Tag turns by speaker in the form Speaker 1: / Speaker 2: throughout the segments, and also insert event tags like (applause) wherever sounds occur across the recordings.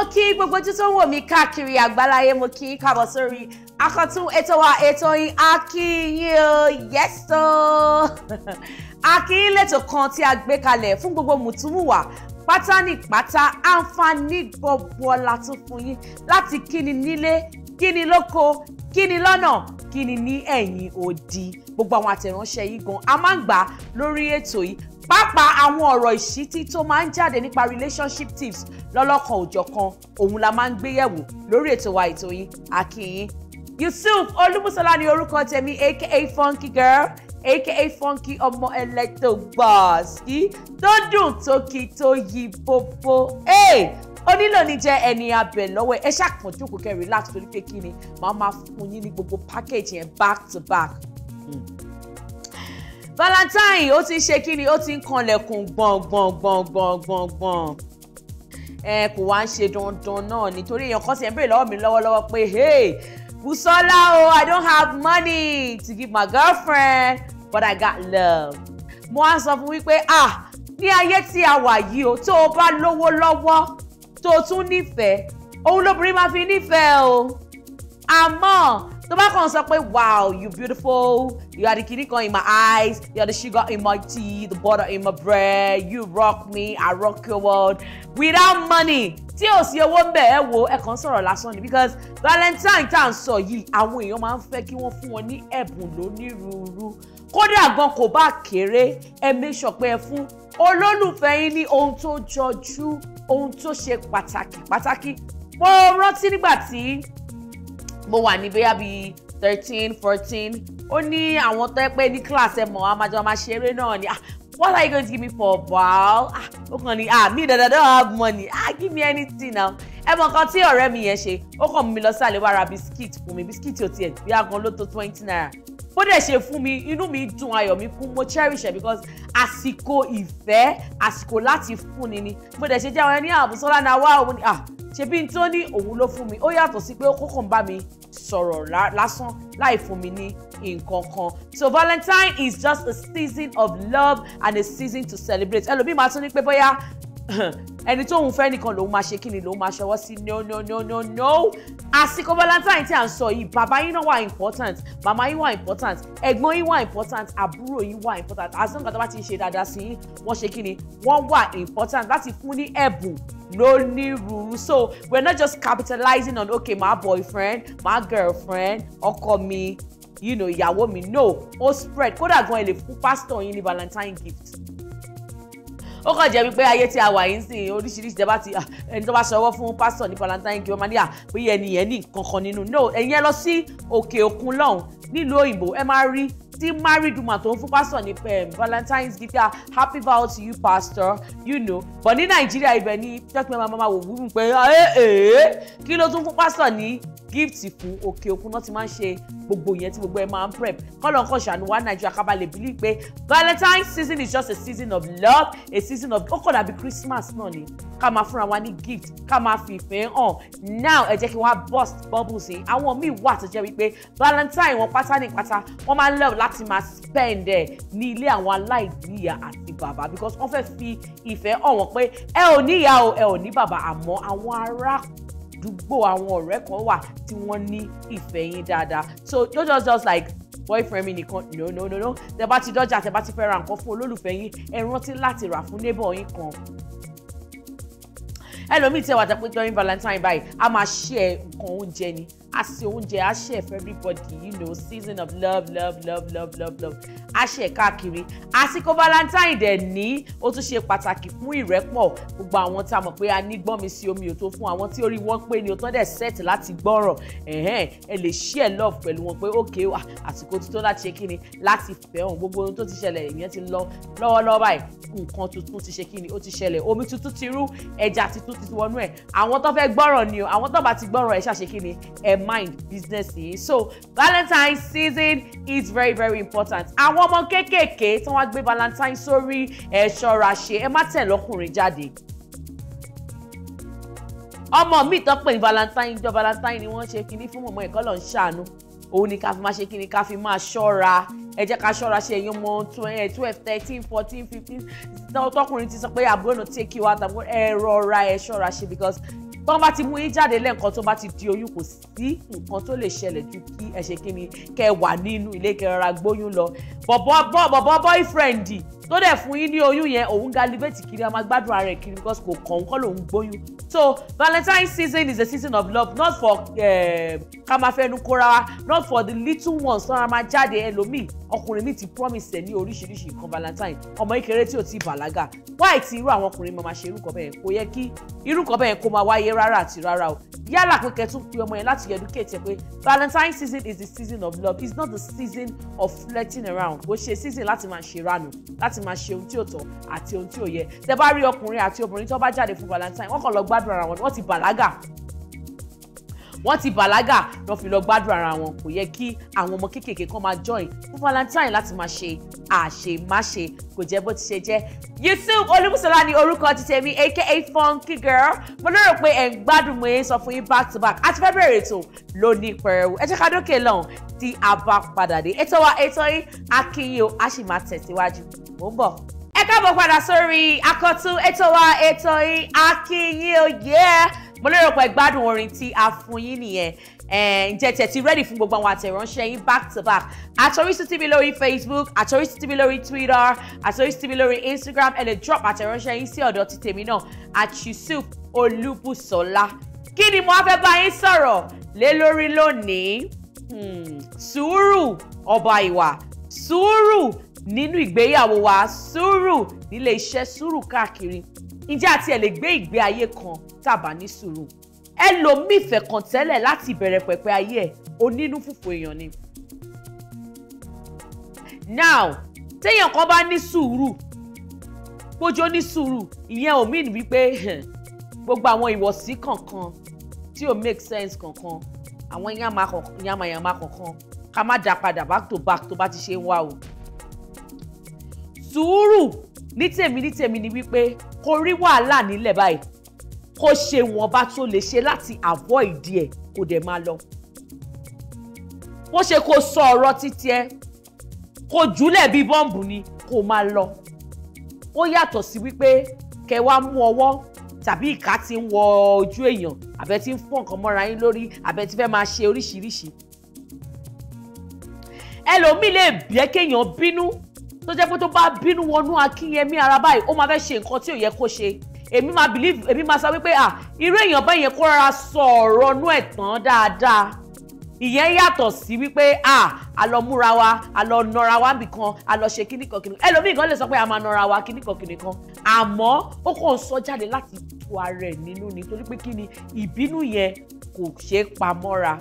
Speaker 1: mo kí gbogbo ojú tó ń wò mí káàkiri àgbáláyé mo kí káàbọ̀ sórí akọ̀tún ètò wa ètò yín akíyín o yẹ́sọ̀ akíyín lẹ́tọ̀ kan tí a gbé kalẹ̀ fún gbogbo mùtúmùwà pátá ní pátá àǹfààní gbogbo ọ̀la tó fún yín láti kíni nílé ni lóko kíni lọ́nà kíni ní ẹ̀yìn odi gbogbo àwọn àtẹ̀ránṣẹ́ yìí gan a máa ń gbà lórí ètò yìí pàápàá àwọn ọ̀rọ̀ ìṣítí tó máa ń jáde nípa relationship tips lọ́lọ́kan òjọ̀kan òun la máa ń gbé yẹ̀wò lórí ètò wa ètò yín àkìyín Yusuf Olúbùsọ́lá ni orúkọ tèmi aka funky girl aka funky ọmọ ẹlẹ́tọ̀gbọ̀ọ́sì tó dùn tó kí tó yí bóbó onílò ní jẹ́ ẹni abẹ lọ́wọ́ ẹ ṣàkànjú kò kẹ́ relax torí pé kí ni màá máa fún yín ní gbogbo package yẹn back to back. Mm valentine ó ti ṣe kí ni ó ti ń kanlẹ̀kùn gbọ̀ngbọ̀ngbọ̀ngbọ̀ngbọ̀n ẹ kò wá ń ṣe dandan náà nítorí èèyàn kan ti ẹ̀ ń béèrè lọ́wọ́ mi lọ́wọ́lọ́wọ́ pé hey Busola o I don't have money to give my girlfriend but I got love mo á sọ fún wípé ah ní ayé tí a wà yìí o tó o bá lówó lọ́wọ́ tó o tún nífẹ̀ẹ́ òun lóbìnrin máa fi nífẹ̀ẹ́ o àmọ́ tó bá kàn sọ pé wow you beautiful you are the kini kan in my eyes you are the sugar in my tea the butter in my bread you rock me i rock your world without money tí ò sí owó ń bẹ̀ ẹ wo ẹ kàn sọ̀rọ̀ lásán ni because valentine tá à ń sọ yìí àwọn èèyàn máa ń fẹ́ kí wọ́n fún wọn ní ẹ̀bùn lónírúurú kódà gan kò bá kéré ẹ make sure pé ẹ fún olólùfẹ́ yín ní ohun tó jọjú ohun tó ṣe pàtàkì pàtàkì mo rántí nígbà tí mo wà ní bóyá bíi thirteen fourteen ó ní àwọn tó yẹ pé ní class ẹ mọ̀ àmàjọ máa ṣeré náà ni ah, what are you going to give me for ball ah ó kàn ní ah, mi dada don't have money ah give me anything now ẹ mọ̀ kan tí ọ̀rẹ́ mi yẹn ṣe ó kàn mú mi lọ sí àlewára bisikíìtì fún mi bisikíìtì ò tiẹ̀ bí agan ló tó twenty naira bó dẹ̀ ṣe fún mi inú mi dùn ayọ̀ mi kún mo cherish ẹ̀ because àsìkò ìfẹ́ àsìkò láti fúnni ni bó dẹ̀ ṣe jẹ́ àwọn ẹni àbùsọ́lá ah, náà wá òun ni ah ṣebí tó ní òun ló fún mi ó yàtọ̀ sí pé ó kọ́kàn bá mi sọ̀rọ̀ lásán láì fún mi ní nǹkan kan so valentine is just a season of love and a season to celebrate ẹlòmíì máa tún ní pé bóyá ẹni tóun fẹ́ nìkan lòun máa ṣe kí ni lòun máa ṣọwọ́ sí no no no no no àsìkò valentine tí à ń sọ yìí bàbá yín náà wà important màmá yín wà important ẹ̀gbọ́n yín wà important àbúrò yín wà important àti nǹkan tó bá ti ń ṣe dáadáa sí yín wọ́n ṣe kí ni wọ́n wà important láti fún ní ẹ̀bùn lónírúurú so we're not just capitalizing on okay my boyfriend my girlfriend ọkọ mi you know ìyàwó mi no ó spread kódà gan ẹ lè fún pásítọ̀ yín ní valentine gift ó kàn jẹ́ wípé ayé tí a wà yìí ń sìn oríṣiríṣi tẹ́ bá ti ẹni tó bá ṣọwọ́ fún pásítọ̀ ní valentine kí wọ́n máa ní à pé ẹni ní nǹkan nínú no ẹ̀yin ẹ lọ sí òkè òkun lọ́hùn nílùú òyìnbó ẹ máa rí tí married woman tó ń fún pastor ní ehm, valentine's gift ah happy vow to you pastor you know but ní nàìjíríà ibẹ̀ ni jẹ́ pé màmá wò wú pé ee eh, eh, kí ló tún fún pastor ní gift fún òkè òkun náà ti máa ń ṣe gbogbo yẹn tí gbogbo ẹ máa ń prep kọ́lọ̀ nǹkan ṣàánú wa nàìjíríà ká bá bílí pé valentine season is just a season of love a season of ó kọ̀ dàbí christmas náà ni ká máa fúnra wa ní gift ká máa fi ìfẹ́ hàn now ẹ jẹ́ kí wọ́n á burst bubbles yìí àwọn míì wà tó jẹ́ wípé valentine wọn pátá ní pátá wọ́n máa ń love láti máa spend ẹ̀ ní ilé àwọn aláìníyà àti bàbá because wọ́n fẹ́ fi ìfẹ́ hàn wọ́n pé ẹ ò níyà o ẹ ò ní bàbá àmọ́ àwọn ará àdúgbò àwọn ọ̀rẹ́ kan wà tí wọ́n ní ìfẹ́ yín dáadáa so no just just like boyfriend mi nìkan no no no no tẹ bá ti dọ́jà tẹ bá ti fẹ́ ra nǹkan fún olólùfẹ́ yín ẹ rántí láti rà fún neighbor yín kan ẹlòmíì tẹ wà tẹ pé during valentine báyìí a máa ṣe ẹ nǹkan oúnjẹ ni a ṣe oúnjẹ a share for everybody you know season of love love love love love love a share káàkiri àsìkò valentine dẹ̀ ní ó tún ṣe pàtàkì fún ìrẹ́pọ̀ gbogbo àwọn tá a mọ̀ pé a ní gbọ́n mi sí omi ò tó fún àwọn tí orí wọn pé ni o tán dẹ̀ set láti gbọ́rọ̀ ẹ̀hẹ́n ẹ lè share love pẹ̀lú wọn pé okay àsìkò ti tó láti ṣe kíni láti fẹ́ hàn gbogbo ohun tó ti ṣẹlẹ̀ ìyẹn ti lọ lọ́wọ́lọ́wọ́ báyìí nǹkan tuntun ti ṣe kíni ó ti ṣẹlẹ̀ omi tuntun ti rú ẹja tuntun ti wọnú ẹ̀ àwọn tó fẹ́ gbọ́rọ̀ ni o àwọn tó bá ti gbọ́rọ̀ ẹ̀ ṣàṣekíni ẹ mind business yìí so valentine season is very very important àwọn ọmọ kéékèèké tí wọ́n gbé valentine sórí ẹ ṣọ́ra ṣe ẹ má tẹ̀ lọ́kùnrin jáde ọmọ mi tán pè ní valentine jọ valentine ni wọ́n ṣe kinní fún mọ̀mọ́ ìkọlọ̀ ń ṣàánú òun ni ká fi máa ṣe kinní ká fi máa ṣọ́ra ẹ jẹ́ ká ṣọ́ra ṣe èyàn mọ twelve thirteen fourteen fifteen tọkùnrin ti sọ pé àbúrò náà take you out àbúrò ẹ rọra ẹ ṣọ́ra ṣe because tó bá ti mú yín jáde lẹ́ǹkan tó bá ti di oyún kò sí nǹkan tó lè ṣẹlẹ̀ ju kí ẹ ṣe kí ni kẹ wà nínú ilé kẹ rọra gbóyún lọ bọ̀bọ̀ bọ̀bọ̀ boyfriend tó dẹ̀ fún yín ní oyún yẹn òun galivate kiri a máa ara ẹ̀ kiri because kò kàn kọ́ lòun gbóyún so valentine season is a season of love not for eh, ká máa fẹnu kóra wa not for the little ones tó máa jáde ẹlòmíì ọkùnrin mi ti promise ẹ ní oríṣiríṣi nǹkan valentine ọmọ ìkéré tí ò ti bàlágà wáì tí irú àwọn ọkùnrin máa ṣe irúkọ bẹ́ẹ̀ kò yẹ kí irúkọ bẹ́ẹ̀ kó máa wáyé rárá àti rárá o yálà pé kẹtún pe ọmọ yẹn láti educate ẹ pé valentine season is the season of love it's not the season of flirting around kò ṣe season láti máa ṣe ránù láti láti máa ṣe ohun tí ò tọ́ àti ohun tí ò yẹ tẹ bá rí ọkùnrin àti obìnrin tó bá jáde fún valentine wọ́n kàn lọ gbádùn ara wọn wọ́n ti bàlágà wọ́n ti bàlágà lọ́ fi lọ gbádùn ara wọn kò yẹ kí àwọn ọmọ kéékèèké kan máa join fún valentine láti máa ṣe àṣemáṣe kò jẹ́ bó ti ṣe jẹ́ yusuf olúmúsọlá ni orúkọ ti tèmi aka funky girl mo lérò pé ẹ̀ ń gbádùn mo yẹn sọ fún yín back to back a ti fẹ́ bẹ̀rẹ̀ ètò lónìí pẹ̀rẹ̀wò ẹ jẹ́ ká dókè lọ́hùn tí a bá padà dé ètò wa ètò yín akínyìn o a sì máa tẹ̀síwájú mò ń bọ̀ ẹ káàbọ̀ padà sórí àkọ́tún ètò wa ètò yín akínyìn o yẹ́ yeah mo lérò pé gbádùn orin tí a fún yín nìyẹn eh, ǹjẹ́ tẹ̀ ti rẹ́dì fún gbogbo àwọn àtẹ̀ránṣẹ́ yín back to back at Orisun TV lórí Facebook at Orisun TV lórí Twitter at Orisun TV lórí Instagram ẹ lè drop àtẹ̀ránṣẹ́ yín sí ọ̀dọ̀ ti tèmi náà at Yusuf Olúbùsọ̀lá kí ni mo á fẹ́ bá yín sọ̀rọ̀ lé lórí lónìí hmm, sùúrù ọba ìwà sùúrù nínú ìgbéyàwó wa sùúrù nílé iṣẹ́ sùúrù káàkiri ǹjẹ́ àti ẹ̀ lè gbé ìgbé ayé kan tàbá ní sùúrù ẹ lò mí ìfẹ́ kan tẹ́lẹ̀ láti ìbẹ̀rẹ̀ pẹ̀pẹ̀ ayé ẹ̀ onínú fùfù èèyàn ni. now téèyàn kan bá ní sùúrù pójó ní sùúrù ìyẹn ò mean wípé gbogbo àwọn ìwọ̀sí kankan tí ò make sense kankan àwọn yamayama kankan ká má dá padà back to back tó bá ti ṣe ń wá o. sùúrù ní tèmi ní tèmi ni wípé kò rí wàhálà nílẹ̀ báyìí kò ṣe ìwọ̀nba tó lè ṣe láti avoid ẹ̀ kò dẹ̀ máa lọ. bó ṣe kó sọ ọ̀rọ̀ títí ẹ kò jùlẹ̀ bíi bọ́ǹbù ni kò máa lọ. ó yàtọ̀ sí wípé kẹ wá mú ọwọ́ tàbí ìka tí ń wọ ojú èèyàn àbẹ tí ń fún nǹkan mọ́ra yín lórí àbẹ tí fẹ́ máa ṣe oríṣiríṣi. ẹlòmíì lè bẹ́ kéèyàn bínú tó jẹ́ pé tó bá bínú wọnú akínyẹmí ara báyìí ó máa fẹ́ ṣe nǹkan tí ò yẹ kó ṣe èmi máa believe èmi máa sọ wípé à ah, irú èèyàn bẹ́ẹ̀ yẹn kó rárá sọ ọ̀rọ̀ nú ẹ̀ tán dáadáa ìyẹn yàtọ̀ sí wípé à ah, a lọ múra wa a lọ nọra wa nbìkan a lọ ṣe kíní kan kíní kan ẹlòmíì gan lè sọ pé a máa nọra wa kíní kan kíní kan àmọ́ ó kàn sọ jáde láti tu ara ẹ̀ nínú ni torí pé kíni ìbínú yẹn kò ṣeé pamọ́ra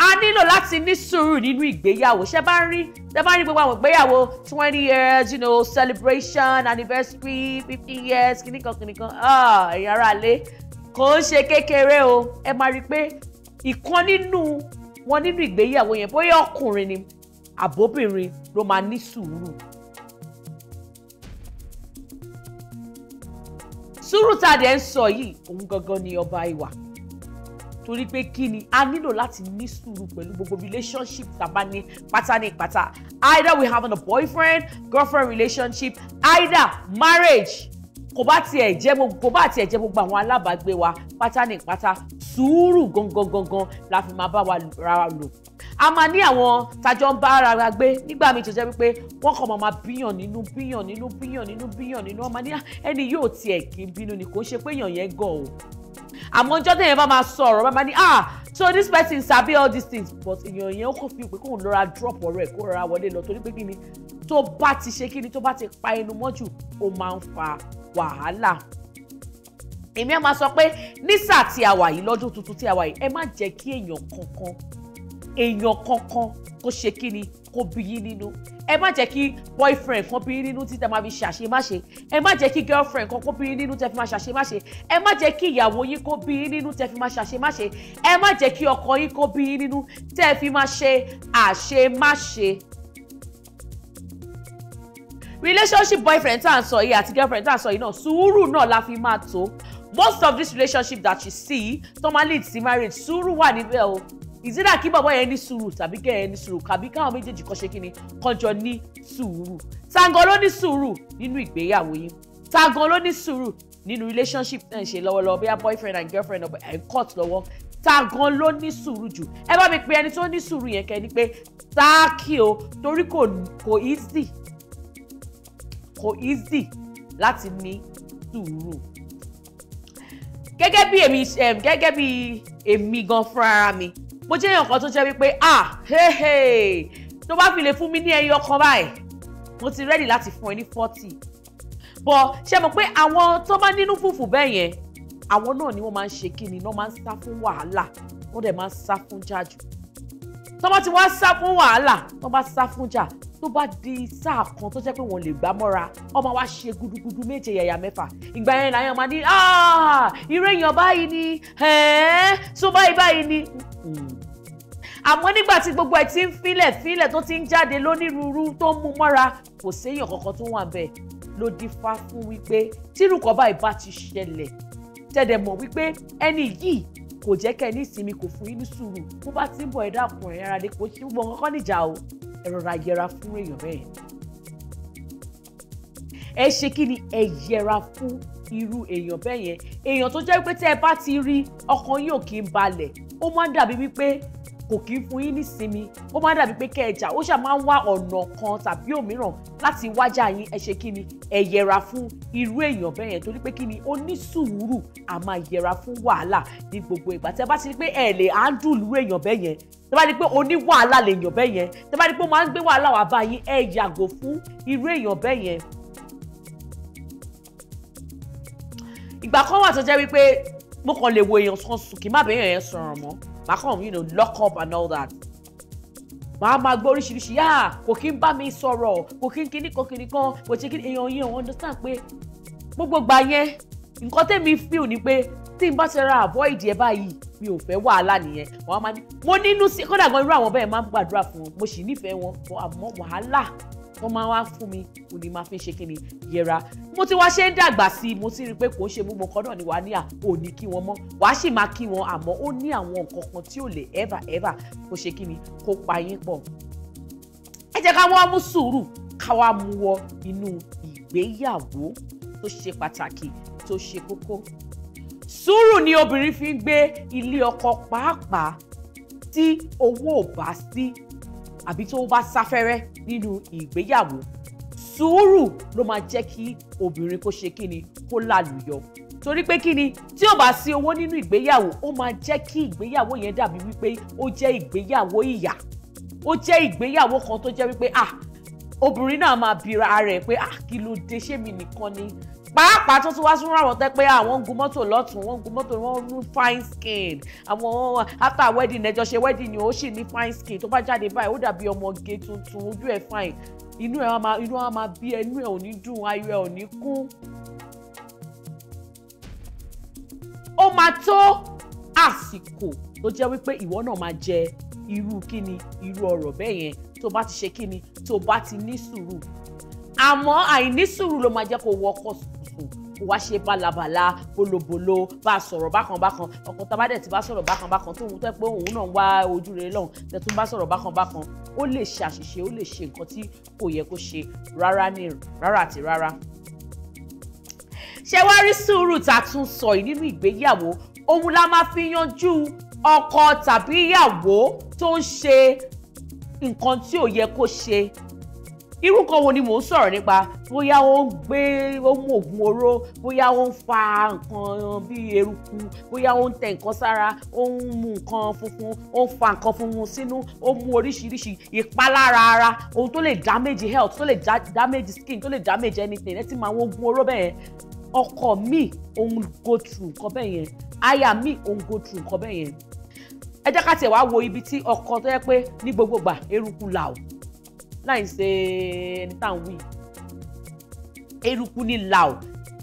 Speaker 1: a nílò láti ní sùúrù nínú ìgbéyàwó ṣe bá ń rí ṣe bá ń rí gbogbo àwọn ìgbéyàwó twenty years you know celebration anniversary fifty years kìnnìkan kìnnìkan ah, ẹ̀yin ará ilé kò ń ṣe kékeré o ẹ máa rí i pé ìkan nínú wọn nínú ìgbéyàwó yẹn bóyá ọkùnrin ni àbóbìnrin ló máa ní sùúrù. sùúrù tá a dẹ̀ ń sọ yìí òun gangan ni ọba ìwà torí pé kí ni a nílò láti ní sùúrù pẹ̀lú gbogbo relationship tàbá ní pátá ní pátá either we have a boyfriend girlfriend relationship either marriage kò bá tiẹ̀ jẹ́ gbogbo kò bá tiẹ̀ jẹ́ gbogbo àwọn alábàágbé wa pátá ní pátá sùúrù gangan gangan la fi máa bá wa rárá lò a máa ní àwọn tajọ ń bá ara wa gbé nígbà míì tó jẹ́ wípé wọ́n kàn máa bíyàn nínú bíyàn nínú bíyàn nínú bíyàn nínú ọmọ ní ah, ẹni yóò tiẹ̀ kí n bínú ni kò ń ṣe pé èèyàn yẹn gọ̀ o àmọ́ ọjọ́ tẹ̀yẹ̀ bá máa sọ ọ̀rọ̀ bá ní ah so this person sabi all these things but èèyàn yẹn ó kò fi pé kóun lọ́ra drop ọ̀rọ̀ ẹ̀ kó rọra wọlé lọ torí pé kí ni tó bá ti ṣe kí ni tó bá ti pa ẹnu mọ́jú ó máa ń fa wàhálà èmi ẹ máa sọ pé ní sáà tí a wà yìí lọ́dún tuntun tí a wà yìí ẹ má jẹ́ kí èèyàn kankan èèyàn kankan kó ṣe kí ni kó bí yín nínú ẹ má jẹ́ kí boyfriend kan bí nínú títẹ máa fi ṣàṣe má ṣe ẹ má jẹ́ kí girlfriend kan kó bí nínú tẹ fi máa ṣàṣe má ṣe ẹ má jẹ́ kí ìyàwó yín kó bí nínú tẹ fi máa ṣàṣe má ṣe ẹ má jẹ́ kí ọkọ yín kó bí nínú tẹ fi máa ṣe àṣemáṣe relationship boyfriend tá à ń sọ yìí àti girlfriend tá à ń sọ yìí náà sùúrù náà la fi máa tó most of this relationship that you see tó máa lead sí marriage sùúrù wà níbẹ̀ o ìdílà kí bàbá yẹn ní sùúrù tàbí kẹ́ yẹn ní sùúrù kàbí káwọn méjèèjì kan ṣe kí ni kọjọ ní sùúrù tangan ló ní sùúrù nínú ìgbéyàwó yín tangan ló ní sùúrù nínú relationship náà ń ṣe lọ́wọ́lọ́wọ́ bóyá boyfriend and girlfriend ọ̀bẹ ẹ̀ eh, ń court lọ́wọ́ tangan ló ní sùúrù jù ẹ bá mi pe ẹni tó ní sùúrù yẹn kẹ́ ni pé táàkì o torí kò kò easy kò easy láti ní sùúrù gẹ́gẹ́ bí èmi eh, gẹ́gẹ́ bí èmi gan fúnra mi mo jẹ́ èèyàn kan tó jẹ́ wípé ah hey hey tó bá fi lè fún mi ní ẹyọ kan báyìí mo ti rẹ́dì láti fún ẹ ní forty bọ̀ ṣe mọ̀ pé àwọn tó bá nínú fùfù bẹ́ẹ̀ yẹn àwọn náà ni wọ́n máa ń ṣe kí ni wọ́n máa ń sá fún wàhálà wọ́n dẹ̀ máa ń sá fún jájú tó bá ti wá sá fún wàhálà tó bá sá fún jà tó bá di sáà kan tó jẹ́ pé wọ́n lè gbá mọ́ra ọmọ wa ṣe gudugudu méje yàyà mẹ́fà ìgbà yẹn làyàn máa ní ah, irú èèyàn báyìí ni tó báyìí báyìí ni hmm. àmọ́ nígbà tí gbogbo ẹ̀ ti ń filẹ̀ filẹ̀ tó ti ń jáde lónírúurú tó ń mú mọ́ra kò séèyàn kankan tó wà bẹ́ẹ̀ ló dífá fún wípé tírùkọ́ báyìí bá ti ṣẹlẹ̀ tẹ̀dẹ̀ mọ̀ wípé ẹni yìí kò jẹ́ kẹ́ ẹ ní ìsinmi kò fún yín ní sùúrù bó bá ti ń bọ̀ ẹ dákun ara dé kò sí gbogbo nǹkan níjà o ẹ rọra yẹra fún èèyàn bẹ́ẹ̀. ẹ ṣe kí ni ẹ yẹra fún irú èèyàn bẹ́ẹ̀ yẹn èèyàn tó jẹ́ pé tẹ́ ẹ bá ti rí ọkàn yín ò kí ń balẹ̀ ó máa ń dàbí wípé kò kí ń fún yín nísinmi ó máa ń dàbí pé kẹjà ó ṣáà máa ń wá ọ̀nà kan tàbí òmíràn láti wájà yín ẹ ṣe kí ni ẹ yẹra fún irú èèyàn bẹ́ẹ̀ yẹn torí pé kí ni ó ní sùúrù a máa yẹra fún wàhálà ní gbogbo ìgbà tẹ bá ti rí pé ẹ lè handle irú èèyàn bẹ́ẹ̀ yẹn tẹ bá rí pé oní wàhálà lèèyàn bẹ́ẹ̀ yẹn tẹ bá rí pé o máa ń gbé wàhálà wá bá yín ẹ yàgò fún irú èèyàn bẹ́ẹ̀ yẹn ìgbà kan wà tó jẹ́ wípé mo kàn lè wo èèyàn kan sùn kí má bẹ́ẹ̀ yẹn sọ̀rọ̀ mọ́ màá kàn you know lock up and all that màá máa gbọ́ oríṣiríṣi yá kò kí ń bá mi sọ̀rọ̀ kò kí ń kíní kan kíní kan kò ṣe kíní èèyàn yẹn understand pé gbogbo gbà yẹn nǹkan tẹ̀mí feel ni pé tí n bá ṣe ra avoid ẹ báyìí mi ò fẹ́ wàhálà nìyẹn wọ́n á máa ní mo nínú sí kódà gan irú àwọn bẹ́ẹ̀ máa ń gbàdúrà fún wọn mo sì nífẹ̀ẹ́ wọn àmọ́ wàhálà tó máa wá fún mi kò ní máa fi ṣe kí ni yẹra mo ti wá ṣe ń dàgbà sí i mo ti rí i pé kò ṣe gbogbo nǹkan náà ni wàá ní à ò ní kí wọn mọ́ wàá sì máa kí wọn àmọ́ ó ní àwọn nǹkan kan tí ò lè ever ever kò ṣe kí ni kó pa yín pọ̀ ẹ jẹ́ ká wọ́n mú sùúrù ká wá mú wọ inú ìgbéyàwó tó ṣe pàtàkì tó ṣe kókó sùúrù ni obìnrin fi ń gbé ilé ọkọ pàápàá tí owó ò bá sí àbí tó bá sáfẹ́rẹ́ nínú ìgbéyàwó sùúrù ló máa jẹ́ kí obìnrin kó ṣe kíni kó lálùyọ torí pé kíni tí ò bá sí owó nínú ìgbéyàwó ó máa jẹ́ kí ìgbéyàwó yẹn dàbí wípé ó jẹ́ ìgbéyàwó ìyà ó jẹ́ ìgbéyàwó kan tó jẹ́ wípé ah obìnrin náà máa bira rẹ̀ pé ah kí ló dé ṣé mi nìkan ni pàápàá tó tún wá sún ràn tẹ́ pé àwọn ń gun mọ́tò lọ́tún wọ́n ń gun mọ́tò wọ́n ń fine skin àwọn after wedding ẹjọ́ ṣe wedding ni ó sì ní fine skin tó bá jáde báyìí ó dàbí ọmọge tuntun ojú ẹ̀ fine inú ẹ̀ máa inú ẹ̀ máa bí ẹnu ẹ̀ ò ní dùn ayọ̀ ẹ̀ ò ní kún. ó máa tó àsìkò tó jẹ́ wípé ìwọ náà máa jẹ irú kíni irú ọ̀rọ̀ bẹ́ẹ̀ yẹn tó bá ti ṣe kíni tó bá ti ní sùúrù àmọ́ àìní sùúrù ló máa jẹ́ kó wọ sùn kù kó wá ṣe bálabàla bólobòlo bá a sọ̀rọ̀ bákan bákan ọkàn tá a bá dẹ̀ ti bá sọ̀rọ̀ bákan bákan tóun tẹ́ pé òun náà wá ojú rere lọ́hùn tẹ́ tún bá sọ̀rọ̀ bákan bákan ó lè ṣe àṣìṣe ó lè ṣe nǹkan tí kò yẹ kó ṣe rárá ní rárá àti rárá ṣé wá rí sùúrù tá a tún sọ yìí nínú ìgbéyàwó òun la máa fi yanjú ọkọ tàbí ìyàwó tó ń ṣe nǹkan tí ò yẹ kó ṣe irú nǹkan wo ni mò ń sọ̀rọ̀ nípa bóyá ó ń gbé ó mú oògùn oró bóyá ó ń fa nǹkan bíi eruku bóyá ó ń tẹ nǹkan sára ó ń mu nǹkan funfun ó ń fa nǹkan funfun sínú ó ń mu oríṣiríṣi ìpalára ara ohun tó lè damage health tó lè damage skin tó lè damage anything ẹ ti mọ àwọn oògùn oró bẹ́ẹ̀ ọkọ mi òun go through nǹkan bẹ́ẹ̀ yẹn aya mi òun go through nǹkan bẹ́ẹ̀ yẹn ẹ jẹ́ ká tiẹ̀ wá wo ibi tí ọkọ tó yẹ pé ní gbogbo gbà eruku là o láì ṣe eh, ẹni tá à ń wí eruku ni làó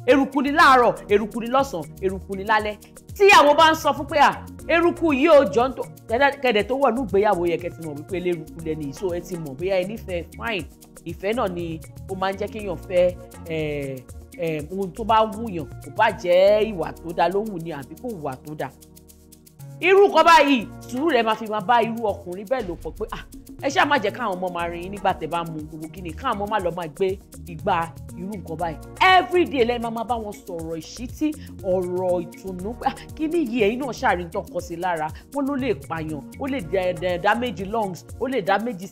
Speaker 1: eruku ni láàárọ̀ eruku ni lọ́sàn-án eruku ni lálẹ́ tí àwọn bá ń sọ fún pé à eruku yìí ò jọ ń tó kẹ̀dẹ̀ tó yẹ kẹ́ ti mọ̀ wípé eléruku lẹ́ni ìṣó ẹ ti mọ̀ bóyá ẹ nífẹ̀ẹ́ fine ìfẹ́ náà ni ó máa ń jẹ́ kéèyàn fẹ́ ohun tó bá wùyàn kò bá jẹ́ ìwà tó dáa ló wù ni àbí kò wà tó dáa irú kan báyìí sùúrù rẹ máa fi máa bá irú ọkùnrin bẹ́ẹ̀ lò pọ̀ pé à ẹ ṣáà má jẹ́ káwọn ọmọ máa rin nígbà tẹ́ bá mu gbogbo kíni káwọn ọmọ má lọ máa gbé ìgbà irú nǹkan báyìí everyday lẹ́yìn máa bá wọn sọ̀rọ̀ ìṣítí ọ̀rọ̀ ìtùnú ah, kíní yìí ẹ̀yin náà ṣàrí ń tọkọ sí lára wọn ló lè pààyàn ó lè damage lungs ó lè damage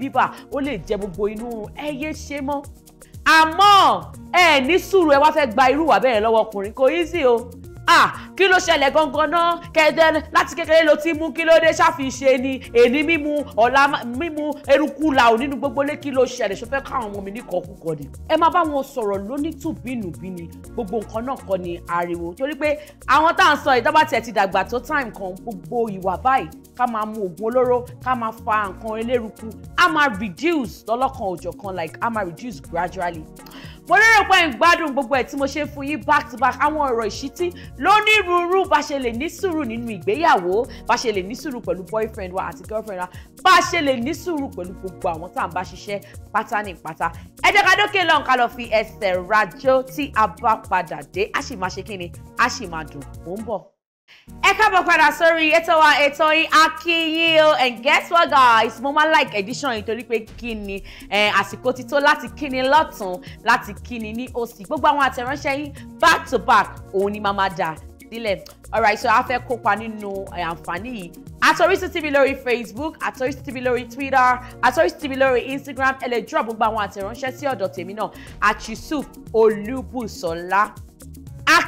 Speaker 1: liver ó lè jẹ gbogbo inú ẹ yé ṣe mọ́ àmọ́ ẹ ní sùúrù ẹ wá fẹ́ gba irú wà bẹ́ẹ̀ lọ́wọ́ ọkùnrin kò easy o ah kí ló ṣẹlẹ̀ gangan náà kẹ́dẹ́ láti kékeré ló ti mú kí ló dé ṣàfihàn ni èní mímu ọ̀la mímu eruku la ò nínú gbogbo lé kí ló ṣẹlẹ̀ ṣe fẹ́ káwọn ọmọ mi níkọ̀ kúkọ ni. ẹ má bá wọn sọ̀rọ̀ lónítùbínúbíni gbogbo nǹkan náà kọ́ ni ariwo torí pé àwọn tá à ń sọ ìjọba tiẹ̀ ti dàgbà tó time kan gbogbo ìwà báyìí ká máa mu oògùn olóró ká máa fa nǹkan eléruku á máa reduce lọ́lọ́kan òjọ̀kan like á máa reduce gradually mo lérò pé ń gbádùn gbogbo ẹ̀ tí mo ṣe ń fún yín back to back àwọn ọ̀rọ̀ ìṣítí lónírúurú bá ṣe lè ní sùúrù nínú ìgbéyàwó bá ṣe lè ní sùúrù pẹ̀lú boyfriend wa àti girlfriend wa bá ṣe lè ní sùúrù pẹ̀lú gbogbo àwọn tá à ń bá ṣiṣẹ́ pátá ní pátá ẹ jẹ́ ká dókè lọ́n ká lọ fi ẹsẹ̀ rajó tí a bá padà dé a sì máa ṣe kí ni a sì máa dùn mò ń bọ̀ ẹ káàbọ̀ padà sórí ètò wa ètò yín AkiiYin o and guess what guys mo máa like edition yìí torí pé kí ni àsìkò ti tó láti kí ni lọ́tún láti kí ni ní òsì gbogbo àwọn àtẹ̀ránṣẹ́ yín back to back òun ni màá dà sílẹ̀ alright so a fẹ́ kópa nínú àǹfààní yìí àtOrísun TV lórí Facebook àtOrísun TV lórí Twitter àtOrísun TV lórí Instagram ẹ lè drop gbogbo àwọn àtẹ̀ránṣẹ́ sí ọ̀dọ̀ tèmi náà àtisù Olúbùsọ̀lá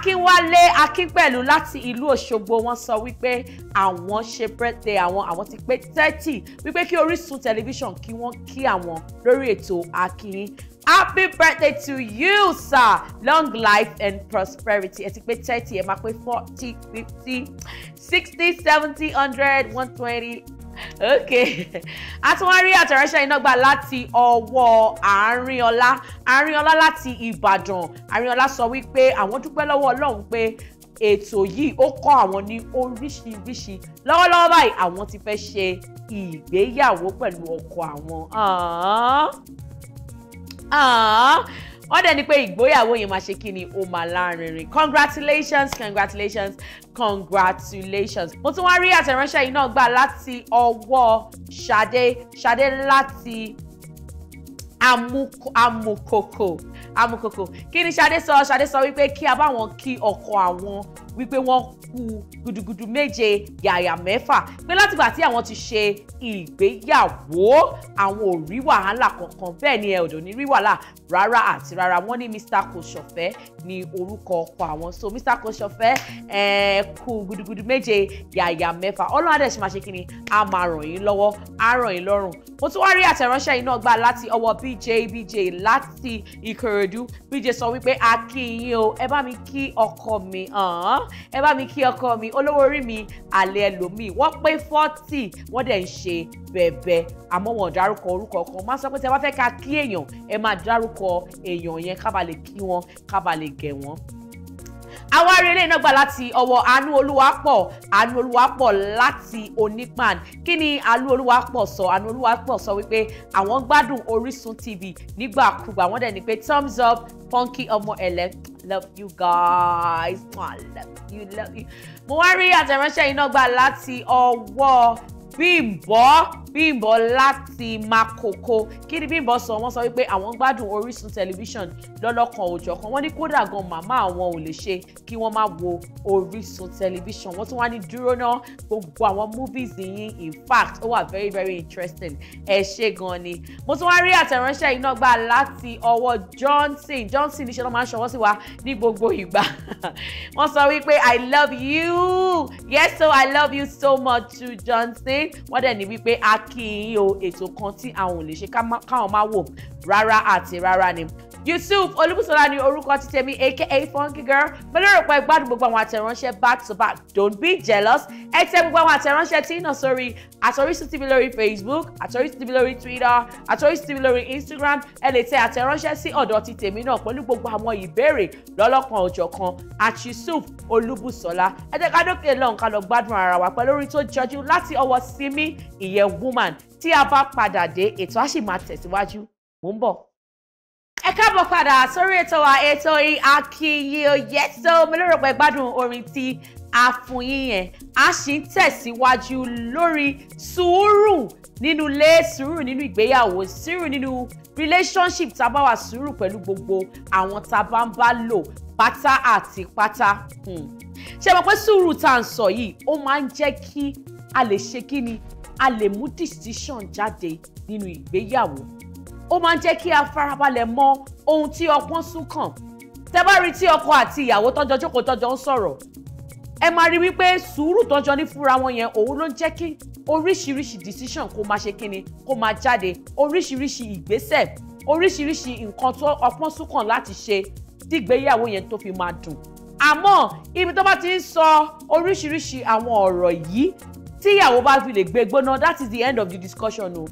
Speaker 1: akínwálé akínpẹ̀lú láti ìlú òṣogbo wọ́n sọ wípé àwọn ṣe birthday àwọn àwọn ti pé thirty wípé kí orísun tẹlifíṣàn kí wọ́n kí àwọn lórí ètò akínyìn happy birthday to you sir long life and prosperity ẹ ti pé thirty ẹ máa pé forty fifty sixty seventy hundred one twenty ok a tún wá rí àtẹ̀ránṣẹ́ iná gbà láti ọwọ́ àárínọlá àárínọlá láti ìbàdàn àárínọlá sọ wípé àwọn dúpẹ́ lọ́wọ́ ọlọ́run pé ètò yìí ó kọ́ àwọn ní oríṣiríṣi lọ́wọ́lọ́wọ́ báyìí àwọn ti fẹ́ ṣe ìgbéyàwó pẹ̀lú ọkọ àwọn ó dẹ̀ ni pé ìgbóyàwó yẹn máa ṣe kí ni ó máa lárinrin congratulations congratulations congratulations mo tún wá rí àtẹ̀ránṣẹ́ yìí náà gbà láti ọwọ́ Ṣadé Ṣadé láti amukoko amukoko kí ni Ṣadé sọ Ṣadé sọ wípé kí a bá wọn kí ọkọ àwọn wípé wọ́n kú gudugudu méje yàyà mẹ́fà pé látìgbà tí àwọn ti ṣe ìgbéyàwó àwọn ò rí wàhálà kankan bẹ́ẹ̀ ni ẹ ò ní rí wàhálà rárá àti rárá wọ́n ní Mr Kòsọ̀fẹ́ ni orúkọ ọkọ àwọn so Mr Kòsọ̀fẹ́ ẹ kú gudugudu méje yàyà mẹ́fà ọlọ́run adẹ̀ ṣe máa ṣe kí ni a máa ràn yín lọ́wọ́ á ràn yín lọ́rùn mo tún wá rí àtẹ̀ránṣẹ́ yìí gbà láti ọwọ́ BJ BJ láti Ìkòròdú BJ sọ wípé a kí yín o ẹ bá mi kí ọkọ mi hàn án ẹ bá mi kí ọkọ mi olówó orí mi alẹ́ ẹlòmíì wọ́n pé fọ́tì wọ́n dẹ̀ ń ṣe bẹ̀bẹ̀ àmọ́ wọn dárúkọ orúkọ kan máa sọ pé tí ẹ bá fẹ́ ká kí èèyàn ẹ máa dárúkọ èèyàn yẹn ká bá lè kí wọn ká bá lè gẹ̀ wọ́n àwọn arére iná gbà láti ọwọ́ àánú olúwapọ̀ àánú olúwapọ̀ láti onípan kí ni àánú olúwapọ̀ sọ àánú olúwapọ̀ sọ wípé àwọn gbádùn Orísun TV nígbàkúgbà wọ́n dẹ̀ ní pé thumbs up funky ọmọ ẹ̀lẹ́ love you guys I love you love you mo wá rí àtẹ̀ránṣẹ́ iná gbà láti ọwọ́ Bímbọ́ Bímbọ́ láti Makoko kí ni Bímbọ́ sọ wọ́n sọ wípé àwọn gbádùn Orísun tẹlifíṣàn lọ́lọ́kan òjọ̀ kan wọ́n ní kódà gan màmá àwọn ò lè ṣe kí wọ́n má wo Orísun tẹlifíṣàn wọ́n tún wá ní dúró náà gbogbo àwọn movies yìí in fact ó wà very very interesting ẹ ṣe gan ni mo tún wá rí àtẹ̀ránṣẹ́ iná gbà láti ọwọ́ Johnson Johnson níṣẹ́ ló máa ń ṣọwọ́ sí wa ní gbogbo ìgbà (laughs) wọ́n sọ wípé I love you yes so I love you so much too Johnson wọ́n dẹ̀ ní wípé a kì í o ètò kan tí àwọn ò lè ṣe káwọn má wò rárá àti rárá ni Yusuf Olúbùsọ́lá ni orúkọ ti tèmi aka funky girl mo lérò pé gbádùn gbogbo àwọn àtẹ̀ránṣẹ́ back to back don't be jealous ẹ tẹ gbogbo àwọn àtẹ̀ránṣẹ́ tí náà sórí àtOrísun TV lórí Facebook àtOrísun TV lórí Twitter àtOrísun TV lórí Instagram ẹ lè tẹ àtẹ̀ránṣẹ́ sí ọ̀dọ̀ ti tèmi náà pẹ̀lú gbogbo àwọn ìbéèrè lọ́lọ́kan òjọ̀kan at Yusuf Olúbùsọ́lá ẹ jẹ́ ká dókè lọ́hùn ká lọ gbádùn ara wa pẹ̀lú orin tó jọjú láti ọwọ́ Simi ìyẹn woman tí a bá padà dé ètò á sì máa tẹ̀síwájú mò ń bọ̀ káàbọ̀ padà sórí ètò wa ètò AkiiYin oyè tó mo lérò pé gbádùn orin tí a fún yín yẹn a sì ń tẹ̀síwájú lórí sùúrù nínú ilé sùúrù nínú ìgbéyàwó sùúrù nínú relationship tá a bá wà sùúrù pẹ̀lú gbogbo àwọn tá a bá ń bá lò pátá àti pátá hmm. ṣe mọ̀ pé sùúrù tá à ń sọ yìí ó máa ń jẹ́ kí a lè ṣe kí ni a lè mú decision jáde nínú ìgbéyàwó ó máa ń jẹ́ kí a farabalẹ̀ mọ ohun tí ọpọ́n sún kàn tẹ́ bá rí tí ọkọ àti ìyàwó tọ́jọ́ jókòó tọ́jọ́ ń sọ̀rọ̀ ẹ máa rí wípé sùúrù tọ́jọ́ ní fúnra wọn yẹn òun ló ń jẹ́ kí oríṣiríṣi decision kó máa ṣe kíni kó máa jáde oríṣiríṣi ìgbésẹ̀ oríṣiríṣi nǹkan tó ọpọ́n sún kàn láti ṣe tí ìgbéyàwó yẹn tó fi máa dùn àmọ́ ibi tó bá ti ń sọ oríṣiríṣi àwọn ọ̀rọ̀ yìí tíyàwó bá fi lè gbé e gbóná that is the end of the discussion o. No?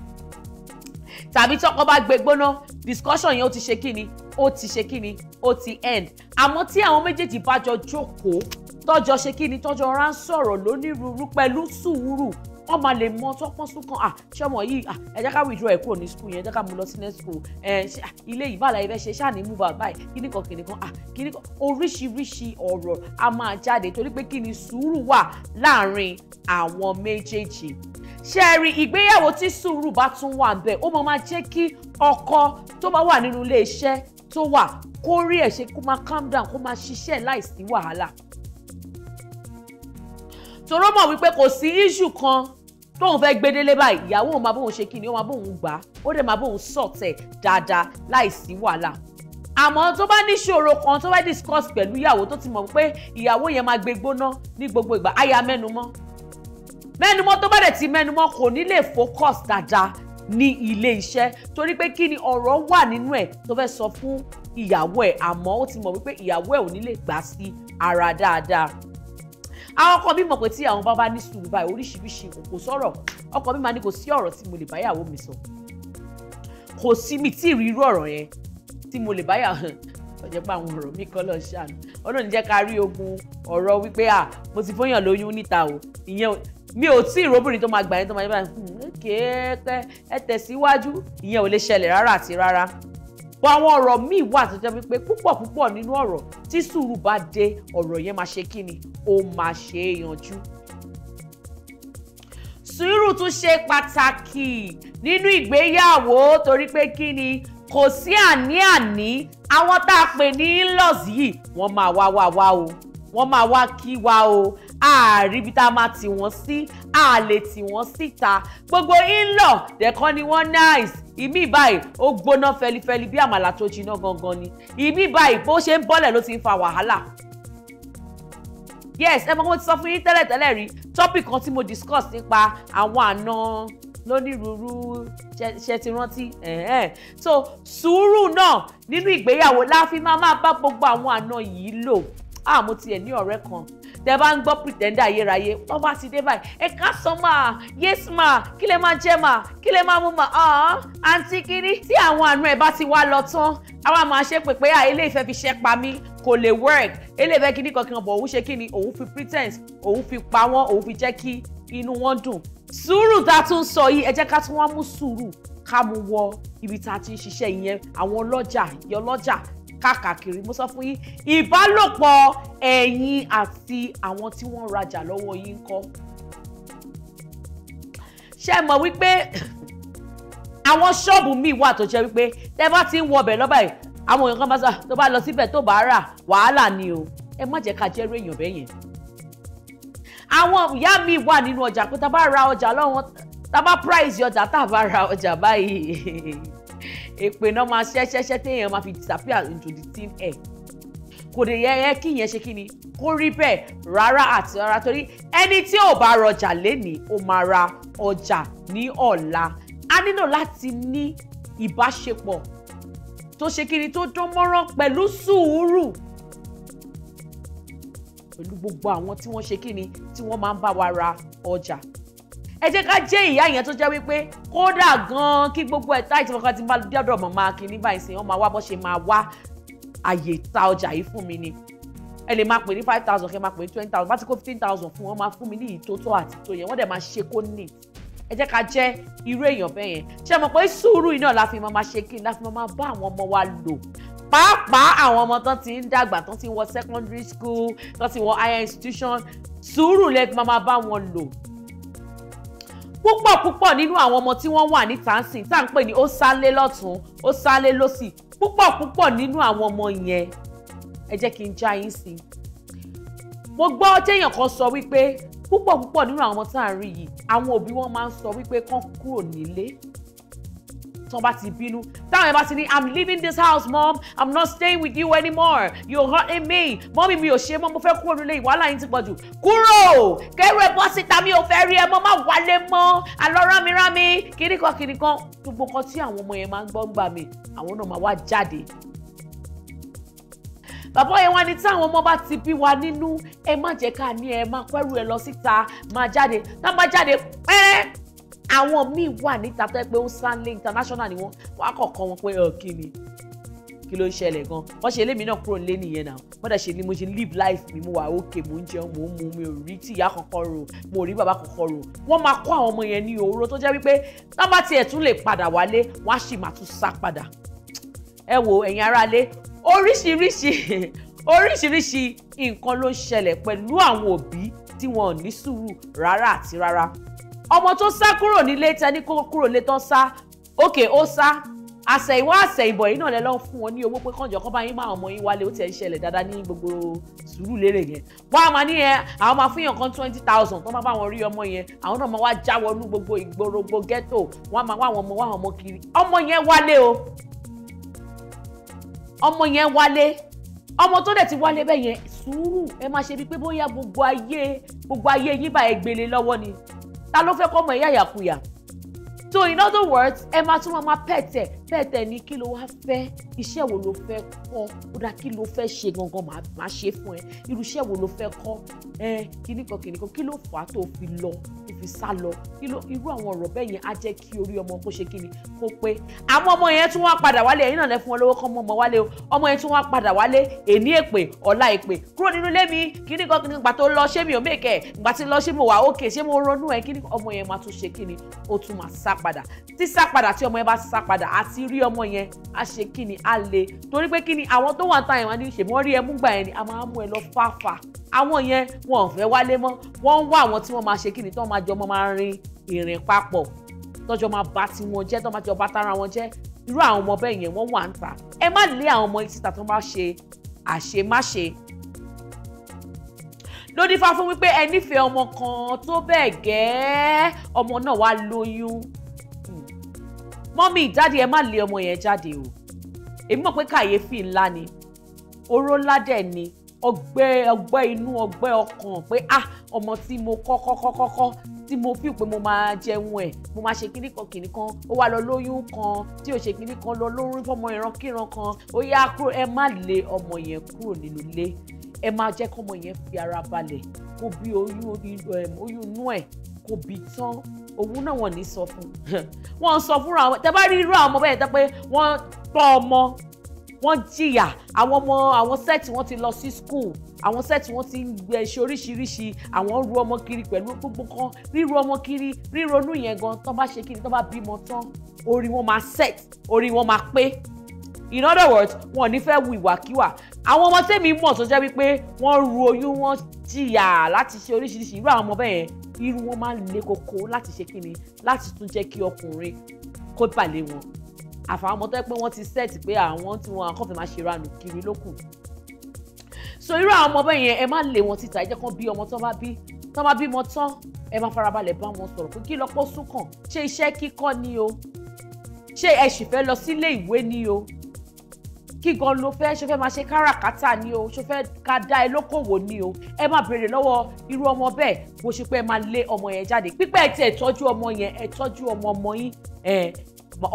Speaker 1: tàbí tọkọ bá gbé gbóná discussion yẹn ó ti ṣe kíni ó ti ṣe kíni ó ti end àmọ́ tí àwọn méjèèjì bá jọ jókòó tọjọ ṣe kíni tọjọ ránṣọ̀rọ̀ lónírúurú pẹ̀lú sùúrù wọ́n máa lè mọ tọ́pọ́n súnkàn à ṣé ọmọ yìí à ẹ jẹ́ ká withdraw ẹ̀ kúrò ní school yẹn ẹ jẹ́ ká mú lọ sí next school ẹ ilé yìí báàlà ibẹ̀ ṣe ṣáà ní move out báyìí kíní kan kíní kan à kíní kan oríṣiríṣi ọ̀rọ̀ a máa jáde torí pé kíni sùúrù wà láàárín àwọn méjèèjì ṣe rí ìgbéyàwó tí sùúrù bá tún wà bẹ́ẹ̀ ó máa máa jẹ́ kí ọkọ tó bá wà nínú ilé iṣẹ́ tó wà kó rí ẹ̀ ṣe kó máa calm down kó máa ṣiṣẹ́ láìsí wàhálà toró mọ̀ wípé kò sí issue kan tóun fẹ́ gbedele báyìí ìyàwó òun máa bóun ṣe kí ni ó máa bóun gbà á ó dẹ̀ máa bóun sọ̀tẹ̀ dáadáa láìsí wàhálà àmọ́ tó bá níṣòro kan tó bá discuss pẹ̀lú ìyàwó tó ti mọ̀ pé ìyàwó yẹn máa gbé ní gbogbo ìgbà àyà mẹ́nu mọ́ mẹ́numọ́ tó bá dẹ̀ ti mẹ́numọ́ kò ní lè focus dáadáa ní ilé iṣẹ́ torí pé kí ni ọ̀rọ̀ wà nínú ẹ̀ tó fẹ́ sọ fún ìyàwó ẹ̀ àmọ́ ó ti mọ̀ wípé ìyàwó ẹ̀ ò ní lè gbà sí ara dáadáa àwọn ọkọ mi mọ̀ pé tí àwọn bàbá ní sùúrù báyìí oríṣiríṣi kò sọ̀rọ̀ ọkọ mi máa ní kò sí ọ̀rọ̀ tí mo lè bá ìyàwó mi sọ kò sí mi tí ìrírú ọ̀rọ̀ yẹn tí mo lè bá ìyàwó pé àwọn ọ̀rọ̀ mi kọ́ lọ ṣàánú ọlọ́run jẹ́ ká rí ogun ọ̀rọ̀ wípé à mo ti fóyàn lóyún níta o ìyẹn mi ò tí ìrobìnrin tó máa gbà yín tó máa yẹ báyìí hmm, kéèké ẹ tẹ̀síwájú ìyẹn ò lè ṣẹlẹ̀ rárá àti rárá bọ àwọn ọ̀rọ̀ míì wà tó jẹ́ wípé púpọ̀ púpọ̀ nínú ọ̀rọ̀ tí sùúrù bá dé ọ̀rọ̀ yẹn máa ṣe kí ni ó máa ṣe é yanjú. sùúrù tún ṣe pàtàkì nínú ìgbéyàwó torí pé kí ni kò sí àní-àní àwọn tá a pè ní in-laws yìí wọ́n máa wá wá wá o wọ́n máa wá kí wá o àríbi tá a máa tì wọ́n sí a lè tì wọ́n síta gbogbo in-law dẹ̀kan ni wọ́n nice ìmí báyìí ó gbóná fẹlifẹli bí àmàlà tó jiná gangan ni ìmí báyìí bó ṣe ń bọ́lẹ̀ ló ti ń fa wàhálà yes ẹ mọ̀ mo ti sọ fún yín tẹ́lẹ̀tẹ́lẹ̀ rí topic kan tí mo discuss nípa àwọn àna lónírúurú ṣe ti rántí so sùúrù náà nínú ìgbéyàwó la fi máa máa bá gbogbo àwọn àna yìí lò ah mo tiẹ̀ ní ọ̀rẹ́ kan tẹ bá ń gbọ́ pretender ayérayé wọ́n bá ti dé báyìí ẹ ká sọ máa yes ma kí lè máa jẹ ma kí lè máa mú ma ọ̀hán ah, àǹtí kínní tí àwọn àna ẹ̀ bá ti wá lọ tán àwa máa ṣe pèpè à ah, ilé ìfẹ́ fi ṣẹ́ pa mí kò lè work ilé ìfẹ́ kínní kankan bọ̀ òun ṣe kínní òun fi pretense òun fi pa wọ́n òun fi jẹ́ kí inú wọn dùn sùúrù tá a tún sọ yìí ẹ jẹ́ ká tún wá mú sùúrù ká mú wọ ibi tá a ti ń ṣiṣẹ́ ìyẹn àwọn ọlọ́jà ìyẹn ọlọ́jà káàkiri mo sọ fún yín ìbálòpọ̀ ẹ̀yin àti àwọn tí wọ́n rajà lọ́wọ́ yín kọ́ ṣé mọ̀ wípé àwọn ṣọ́ọ̀bù míì wà tó jẹ́ wípé tẹ́ bá ti ń wọbẹ̀ lọ́bà yìí àwọn èèyàn kan bá sọ tó bá lọ síbẹ̀ tó bá rà wàhálà ni o ẹ má jẹ́ ká jẹ́rú èèyàn bẹ́yẹn àwọn ìyá mi wà nínú ọjà pé tá a bá ra ọjà lọ́wọ́ tá a bá price ọjà tá a bá ra ọjà báyìí èpè náà máa ṣẹ́ṣẹ́ṣẹ́ téèyàn máa fi disappear into the thin air kò dé yẹ kí yẹn ṣe kí ni kó rí bẹ́ẹ̀ rárá àti rárá torí ẹni tí ò bá rọjà lénìí ó máa ra ọjà ní ọ̀la a nílò láti ní ìbáṣepọ̀ tó ṣe kí ni tó dán mọ́rán pẹ̀lú sùúrù pẹ̀lú gbogbo àwọn tí wọ́n ṣe kí ni tí wọ́n máa ń bá wa ra ọjà ẹ jẹ́ ká jẹ́ ìyá yẹn tó jẹ́ wípé kódà gan-an kí gbogbo ẹ̀ tá ìtìmọ̀ kan ti bá dọ́dọ̀ mọ̀ máa kí nígbà ìsìn wọn máa wá bó ṣe máa wá àyè ta ọjà yìí fún mi ni ẹ lè máa pè ní five thousand kẹ́ máa pè ní twenty thousand bá ti kó fifteen thousand fún wọn máa fún mi ní ìtótó àti tó yẹn wọ́n dẹ̀ máa ṣe kó ní ẹ jẹ́ ká jẹ́ irú èèyàn bẹ́ẹ̀ yẹn ṣe mọ̀ pé sùúrù iná la fi máa ṣe kí ni la máa bá àwọn ọmọ wa lò pàápàá àwọn ọmọ tán ti ń dàgbà tán ti wọ secondary school tán ti wọ higher institution sùúrù lẹ fi máa bá wọn lò púpọ̀ púpọ̀ nínú àwọn ọmọ tí wọ́n wà ní tansin tá à ń pè ní ó sálé lọ́tún ó sálé lọ́sì púpọ̀ púpọ̀ nínú àwọn ọmọ yẹn ẹ jẹ́ kí n já yín sí i. mo gbọ́ téèyàn kan sọ wípé púpọ̀ púpọ̀ nínú àwọn ọmọ tá à ń rí yìí àwọn òbí wọn máa ń sọ wípé kán kúrò nílé tí bá ti bínú táwọn yẹn bá ti ní i'm leaving this house mom i'm not staying with you anymore you're hurting me mọ́mí mi ò ṣe mọ́ mo fẹ́ kúrò nílé ìwàhálà yín ti pọ̀ jù kúrò kẹ́rù ẹ̀ bọ́ síta mi ò fẹ́ rí ẹ mọ́ má wálé mọ́ àlọ́ rámírámí kíníkan kíníkan gbogbo nǹkan tí àwọn ọmọ yẹn máa ń gbọ́ ń gbà mí àwọn náà máa wá jáde bàbá yẹn wá ní táwọn ọmọ bá ti bí wa nínú ẹ má jẹ́ ká ní ẹ má pẹ́rù ẹ lọ síta má jáde tá má jáde pẹ́ẹ́ àwọn míì wà níta tó yẹ pé ó ń international ni wọ́n wọ́n á kọ̀ọ̀kan wọn pé kí ni kí ló ń ṣẹlẹ̀ gan wọ́n ṣe elémi náà kúrò nílé nìyẹn náà wọ́n dẹ̀ ṣe ni mo ṣe live life mi mo wà òkè mo ń jẹun mo ń mu mi ò rí tìyá kankan rò mo ò rí bàbá kankan rò wọ́n máa kó àwọn ọmọ yẹn ní òró tó jẹ́ wípé tá bá tiẹ̀ tún lè padà wálé wọ́n á sì máa tún sá padà ẹ wo ẹ̀yin aráalé oríṣiríṣi oríṣiríṣi nǹkan ló ń ṣẹlẹ̀ pẹ̀lú àwọn òbí tí wọn ò ní sùúrù rárá àti rárá ọmọ tó sá kúrò nílé tẹni kó kúrò lé tán sá òkè ó sá àṣẹ ìwọ àṣẹ ìbọ̀ yìí náà lẹ lọ́n fún wọn ní owó pé kànjọ́ kọ́ bá yín máa ọmọ yín wálé ó tiẹ̀ ń ṣẹlẹ̀ dáadáa ní gbogbo sùúrù lérè yẹn wọ́n á máa ní àwọn máa fún yàn kan twenty thousand tó máa bá wọn rí ọmọ yẹn àwọn náà máa wá já wọnú gbogbo ìgboro ghetto wọ́n á máa wá àwọn ọmọ wá àwọn ọmọ kiri ọmọ yẹn wálé o ọmọ yẹn wálé ọmọ tó dẹ̀ ti wálé bẹ́ẹ̀ yẹn sùúrù ẹ má ṣe bíi pé bóyá gbogbo ayé gbogbo ayé yín bá ẹ lọ́wọ́ ni ta ló fẹ́ kọ́ ọmọ ẹ̀yà yàkuyà so in other words ẹ máa tún máa pẹ̀tẹ̀ bẹ́ẹ̀ tẹ̀ ní kí ló wá fẹ́ iṣẹ́ wo ló fẹ́ kọ́ ó dá kí ló fẹ́ ṣe gangan màá ṣe fún ẹ irú iṣẹ́ wo ló fẹ́ kọ́ ẹ kíní kan kíní kan kí ló fà á tó fi lọ tó fi sá lọ kí ló irú àwọn ọ̀rọ̀ bẹ́ẹ̀ yẹn á jẹ́ kí orí ọmọ kó ṣe kíni kó pé àmọ́ ọmọ yẹn tún wá padà wálé ẹ̀yin náà lẹ fún ọ lówó kọ́ mọ́ ọmọ wálé o ọmọ yẹn tún wá padà wálé èní èpè ọ̀la èpè kúrò nínú ilé mi kíní kan kíní gbà tó lọ ṣé mi ò mèkẹ́ gbà tí lọ ṣé mo wà ókè ṣé mo ronú ẹ kíní ọmọ yẹn máa tún ṣe kíni ó tún máa sá padà tí sá padà tí ti rí ọmọ yẹn a ṣe kí ni a lè torí pé kí ni àwọn tó wà ń ta yẹn wá ní ṣèbí wọ́n rí ẹmú gbà yẹn ni a máa mú ẹ lọ fàáfàá àwọn yẹn wọn ò fẹ́ wálé mọ́ wọ́n ń wá àwọn tí wọ́n máa ṣe kí ni tó máa jọ máa rin ìrìn papọ̀ tọ́jọ́ máa bá ti wọn jẹ́ tó máa jọ bá tara wọn jẹ́ irú àwọn ọmọ bẹ́ẹ̀ yẹn wọ́n wà ń ta ẹ má lé àwọn ọmọ síta tó bá ṣe àṣemáṣe ló fún wípé ẹ ọmọ kan tó bẹ́ẹ̀ gẹ́ ọmọ náà wá lóyún mọ́mí dáàdì ẹ má lé ọmọ yẹn jáde o èmi mọ̀ pé kàyéfì ńlá ni oró ńlá dẹ̀ ni ọgbẹ́ ọgbẹ́ inú ọgbẹ́ ọkàn pé ah ọmọ tí mo kọ́ kọ́ kọ́ kọ́ kọ́ tí mo fi pé mo máa jẹun ẹ̀ mo máa ṣe kíní kan kíní kan ó wá lọ lóyún kan tí ò ṣe kíní kan lọ lóyún fọmọ ìrankíran kan ó yá kúrò ẹ má lé ọmọ yẹn kúrò nínú ilé ẹ máa jẹ́ kọ́mọ yẹn fi ara balẹ̀ kó bí oyún inú ẹ̀ kò bí tán òun náà wọ́n ní sọ fún (laughs) wọ́n sọ fúnra wọn tẹ́ bá rí irú àwọn ọmọ bẹ́ẹ̀ tẹ́ pé wọ́n tọ́ ọmọ wọ́n jìyà àwọn ọmọ àwọn sẹ́ẹ̀tì wọ́n ti lọ sí school àwọn sẹ́ẹ̀tì wọ́n ti ń gbẹ ṣe oríṣiríṣi àwọn ru ọmọ kiri pẹ̀lú gbogbo kan ríru ọmọ kiri ríronú yẹn gan tán bá ṣe kiri tán bá bímọ tán orí wọn máa set orí wọn máa pé in other words wọn ò ní fẹ́ wu ìwàkiwà àwọn ọmọ tẹ́mi mọ̀ tó jẹ́ wípé wọ́n ru oyún wọ́n jìyà láti ṣe oríṣiríṣi irú àwọn ọmọ bẹ́ẹ̀ yẹn irú wọn máa ń le koko láti ṣe kíni láti tún jẹ́ kí ọkùnrin kó balẹ̀ wọn àfàwọn ọmọ tó yẹ pé wọ́n ti set pé àwọn tí wọn àkọ́fẹ́ máa ṣe ranù kiri lókùn so irú àwọn ọmọ bẹ́ẹ̀ yẹn ẹ má lé wọn títà ẹ jẹ́ kán bí ọmọ tó bá bí tó bá bímọ tán ẹ má farabalẹ̀ bá wọn sọ̀rọ̀ pé kí lọ́pọ̀ sún kàn ṣé iṣẹ́ kíkọ́ ni o ṣé ẹ fẹ́ lọ sílé ìwé ni o kí gan ló fẹ́ ṣe fẹ́ máa ṣe káràkátà ni o ṣe fẹ́ ká dá ẹ lókòwò ni o ẹ máa béèrè lọ́wọ́ irú ọmọ bẹ́ẹ̀ bó ṣe pé ẹ máa lé ọmọ yẹn jáde pípẹ́ ẹ ti ẹ̀ tọ́jú ọmọ yẹn ẹ tọ́jú ọmọ ọmọ yín ẹ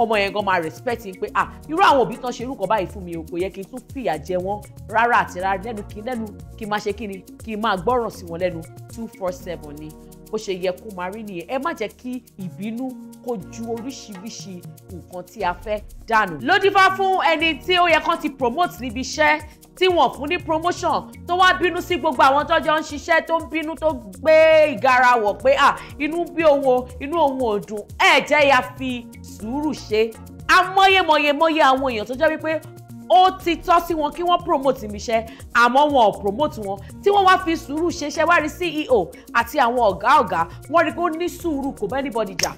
Speaker 1: ọmọ yẹn gan máa respect yín pé ah irú àwọn òbí tán ṣe irú kan báyìí fún mi o kò yẹ kí n tún fìyà jẹ wọn rárá àti rárá lẹ́nu kí lẹ́nu kí n máa ṣe kí ni kí n máa gbọ́ràn sí wọn lẹ́nu two four seven ni bó ṣe yẹ kó máa rí nìyẹn ẹ má jẹ́ kí ìbínú kó ju oríṣiríṣi nǹkan tí a fẹ́ dànù. lódìfá fún ẹni tí ó yẹ kán ti promote níbi iṣẹ́ tí wọ́n fún ní promotion tó wá bínú sí gbogbo àwọn tọ́jọ́ ń ṣiṣẹ́ tó ń bínú tó gbé ìgara wọ̀ pé à inú bí òun inú òun ò dùn ẹ̀ jẹ́ ya fi sùúrù ṣe amóyemọyemọye àwọn èèyàn tó jẹ́ wípé ó ti tọ́ sí wọn kí wọ́n promote mi iṣẹ́ àmọ́ wọn ò promote wọn tí wọ́n wá fi sùúrù ṣe iṣẹ́ wá CEO àti àwọn ọ̀gá ọ̀gá wọ́n rí pé ó ní sùúrù kò bá anybody jà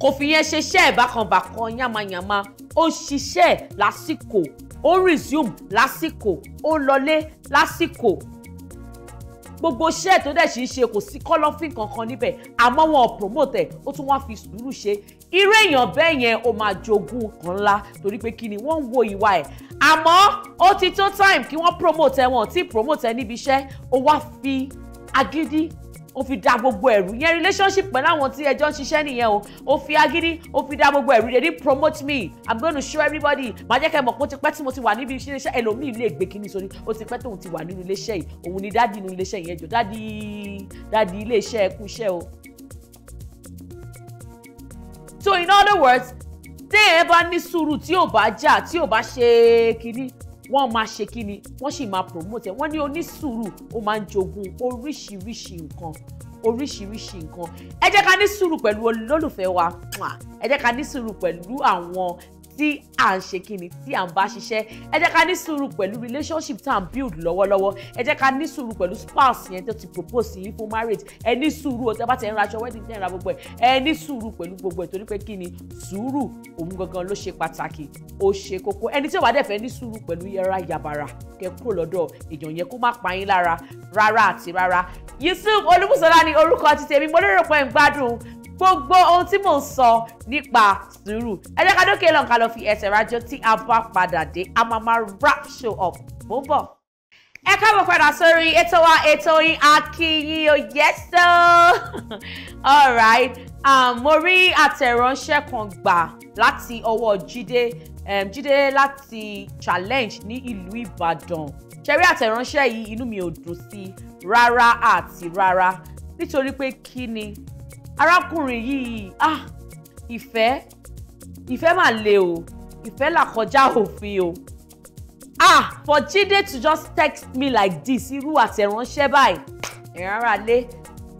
Speaker 1: kò fi yẹn ṣe iṣẹ́ ìbákanbàkan yàmàyàmà ó ṣiṣẹ́ lásìkò ó resume lásìkò ó lọlé lásìkò gbogbo iṣẹ́ tó dẹ̀ ṣì ń ṣe kò sí kọ́lọ́fín kankan níbẹ̀ àmọ́ wọn ò promote ẹ̀ ó tún wá fi sùúrù ṣe irú èèyàn bẹ́ẹ̀ yẹn ó máa jogún kan ńlá torí pé kí ni wọ́n ń wo ìwà ẹ̀ àmọ́ ó ti tó time kí wọ́n promote ẹ̀ wọ́n ti promote ẹ̀ níbi iṣẹ́ o wá fi agídí o fi da gbogbo ẹ̀rù yẹn relationship pẹ̀lú àwọn tí ẹjọ́ ń ṣiṣẹ́ nìyẹn o ó fi agídí o fi da gbogbo ẹ̀rù they didn't promote me i'm going to show everybody màá jẹ́ kẹ́ mọ̀ pé ó ti pẹ́ tí mo ti wà níbi iṣẹ́ ẹlòmíì lè gbé kíní sórí ó ti pẹ́ tóun ti wà nínú iléeṣẹ́ yìí òun ni dádì nínú iléeṣẹ́ yẹn jọ dádì dádì iléeṣẹ́ ẹkú iṣẹ́ o so in other words téèyàn bá ní sùúrù tí ò bá jà tí ò bá ṣe kínní wọ́n máa ṣe kínní wọ́n sì máa promote ẹ̀ wọ́n ní onísùúrù ó máa ń jogún oríṣiríṣi nǹkan oríṣiríṣi nǹkan ẹ jẹ́ ká ní sùúrù pẹ̀lú olólùfẹ́ wa ẹ jẹ́ ká ní sùúrù pẹ̀lú àwọn tí à ń ṣe kíni tí à ń bá ṣiṣẹ́ ẹ jẹ́ ká ní sùúrù pẹ̀lú relationship tá à ń build lọ́wọ́lọ́wọ́ ẹ jẹ́ ká ní sùúrù pẹ̀lú spouse yẹn tó ti propose yìí fún marriage ẹ ní sùúrù ọtí ẹ ti ń ra aṣọ wedding tẹ́ ń ra gbogbo ẹ ẹ ní sùúrù pẹ̀lú gbogbo ẹ torí pé kíni sùúrù òun gangan ló ṣe pàtàkì ó ṣe kókó ẹni tí ò bá dẹ̀ fẹ́ ní sùúrù pẹ̀lú yẹra yàbàrà kẹ kúrò lọ́dọ̀ èèyàn yẹn kó má pa yín lára rárá àti rárá Yusuf Olúbùsọ́lá ni orúkọ ti tèmi mo lérò pé ń gbádùn gbogbo ohun tí mò ń sọ nípa sùúrù ẹ jẹ́ ká dókè lọ́nkà lọ fi ẹsẹ̀ rájọ tí a bá padà dé a máa máa wrap show up mò ń bọ̀ ẹ káàbọ̀ padà sórí ètò wa ètò yín AkiiYin o yes o (laughs) all right um, mo rí àtẹ̀ránṣẹ́ kan gbà láti ọwọ́ Jídé um, Jídé láti challenge ní ìlú Ìbàdàn ṣẹ̀rí àtẹ̀ránṣẹ́ yìí inú mi ò dùn sí rárá àti rárá nítorí pé kí ni arákùnrin yìí ah ìfẹ́ ìfẹ́ mà le o ìfẹ́ là kọjá òfin o ah for Jide to just text me like this irú àtẹ̀ránṣẹ́ báyìí ẹ̀rọ ara lé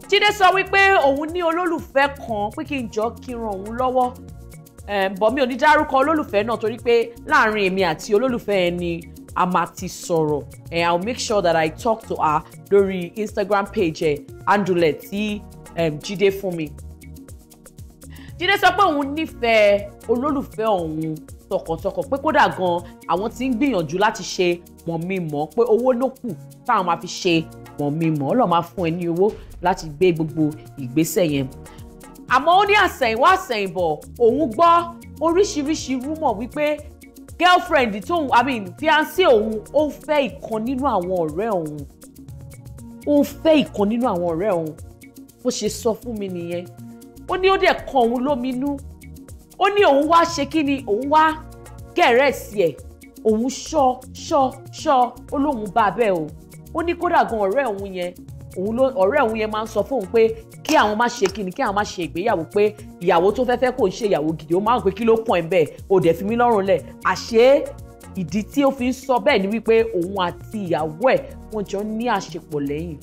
Speaker 1: Jídé sọ wípé òun ní olólùfẹ́ kan pé kí n jọ kí n ràn òun lọ́wọ́ bọ̀mí ò ní dárúkọ olólùfẹ́ náà torí pé láàrin èmi àti olólùfẹ́ ẹ ni a máa ti sọ̀rọ̀ and I will make sure that I talk to her lórí Instagram page ẹ andulẹ̀ tí Um, Jídé fún mi Jídé sọ pé òun nífẹ̀ẹ́ olólùfẹ́ òun tọkàntọkàn pé kódà gan àwọn tí ń gbìyànjú láti ṣe mọ̀mímọ̀ pé owó ló kù táwọn máa fi ṣe mọ̀mímọ̀ ọlọ́ọ̀ máa fún ẹ ní owó láti gbé gbogbo ìgbésẹ̀ yẹn àmọ́ ó ní àsẹ̀yìnwá àsẹ̀yìnbọ̀ òun gbọ́ oríṣiríṣi rúmọ̀ wípé girlfriend tóun i mean fiancé òun ó ń fẹ́ ìkan nínú àwọn ọ̀rẹ́ òun ó ń fẹ́ ìkan nínú àwọn ọ̀rẹ́ òun bó ṣe sọ fún mi nìyẹn ó ní ó dẹ̀ kan òun lóminú ó ní òun wá ṣe kí ni òun wá gẹ̀rẹ́sì ẹ̀ òun ṣọ́ ṣọ́ ṣọ́ ó lóun bá a bẹ́ẹ̀ o ó ní kódà gan ọ̀rẹ́ òun yẹn òun ló ọ̀rẹ́ òun yẹn máa ń sọ fóun pé kí àwọn má ṣe kí ni kí àwọn má ṣe ìgbéyàwó pé ìyàwó tó fẹ́fẹ́ kò ń ṣe ìyàwó gidi ó máa ń pè kí ló pọ̀ ẹ̀ bẹ́ẹ̀ ò dẹ̀ fi mí lọ́rùn lẹ̀ àṣé ìdí tí ó fi ń sọ bẹ́ẹ̀ ni wípé òun àti ìyàwó ẹ̀ wọ́n jọ ní àṣepọ̀ lẹ́yìn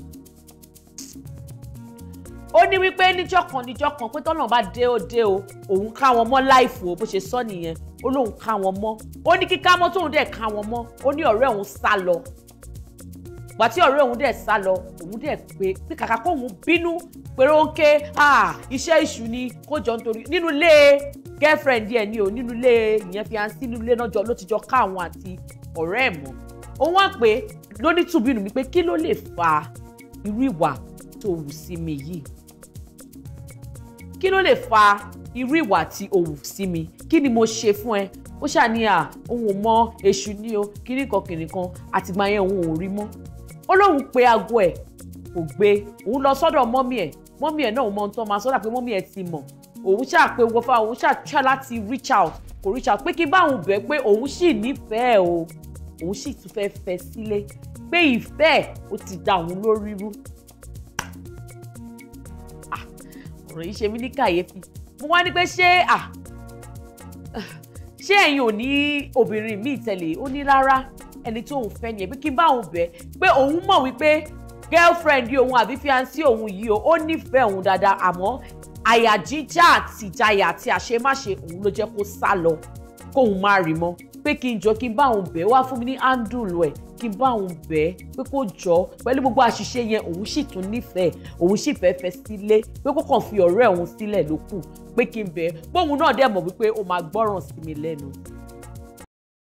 Speaker 1: ó ní wípé níjọ́ kan níjọ́ kan pé tọ́lọ́run bá dé ó dé o òun ká wọn mọ́ láìfò bó ṣe sọ nìyẹn ó lóun ká wọn mọ́ ó ní kíká mọ́ tóun dẹ̀ ká wọn mọ́ ó ní ọ̀rẹ́ òun sá lọ gbà tí ọ̀rẹ́ òun dẹ̀ sá lọ òun dẹ̀ pé pé kàkà kó òun bínú pèrè òǹkẹ́ iṣẹ́ ìṣù ni kó jọ nítorí nínú ilé girlfriend ẹ̀ ni o nínú ilé ìyẹn fi hàn sí nínú ilé náà jọ ló ti jọ ká àwọn àti ọ̀rẹ́ ẹ̀ mọ́ òun wá pé lónítùbínú mi pé kí ló lè fa irú ìwà tó wù sí mi yìí kí ló lè fa irú ìwà tí o wù sí mi kí ni mo ṣe fún ẹ ó ṣàníyà òun ò mọ èṣù ní o kíríkan kìnìkan àtìgbà yẹn òun ò rí mọ́ ó lóun pe aago ẹ̀ kò gbé òun lọ sọ́dọ̀ mọ́mí ẹ̀ mọ́mí ẹ̀ náà ò mọ ohun tó máa sọ́dọ̀ pé mọ́mí ẹ̀ ti mọ̀ òun ṣáà pé wọ́fà òun ṣáà try láti reach out kò reach out pé kí báwọn bẹ̀ pé òun sì nífẹ̀ẹ́ o òun sì tún fẹ́ fẹ́ sílé pé ìfẹ́ ò ti da òun lórí rú ọ̀rọ̀ yìí ṣe mí ní kàyéfì mo wá ní pé ṣé à ṣé ẹ̀yin ò ní obìnrin míì tẹ̀lé ó ní rárá ẹni tó òun fẹ́ nìyẹn pé kí n bá òun bẹ̀ pé òun mọ̀ wípé girlfriend òun àbí fiancé òun yìí ó nífẹ̀ẹ́ òun dáadáa àmọ́ àyà jíjà àti ìjayà àti àṣemáṣe òun ló jẹ́ kó sá lọ kóun má rí mọ́ pé kí n jọ kí n bá òun bẹ̀ wá fún mi ní áńdùlù ẹ̀ kí n bá òun bẹ́ẹ̀ pé kó jọ pẹ̀lú gbogbo àṣìṣe yẹn òun sì tún nífẹ̀ẹ́ òun sì fẹ́ fẹ́ sílé pé kó kàn fi ọ̀rẹ́ òun sílẹ̀ lókù pé kí n bẹ́ẹ̀ bóun náà dẹ̀ mọ̀ wípé ó máa gbọ́ràn sí mi lẹ́nu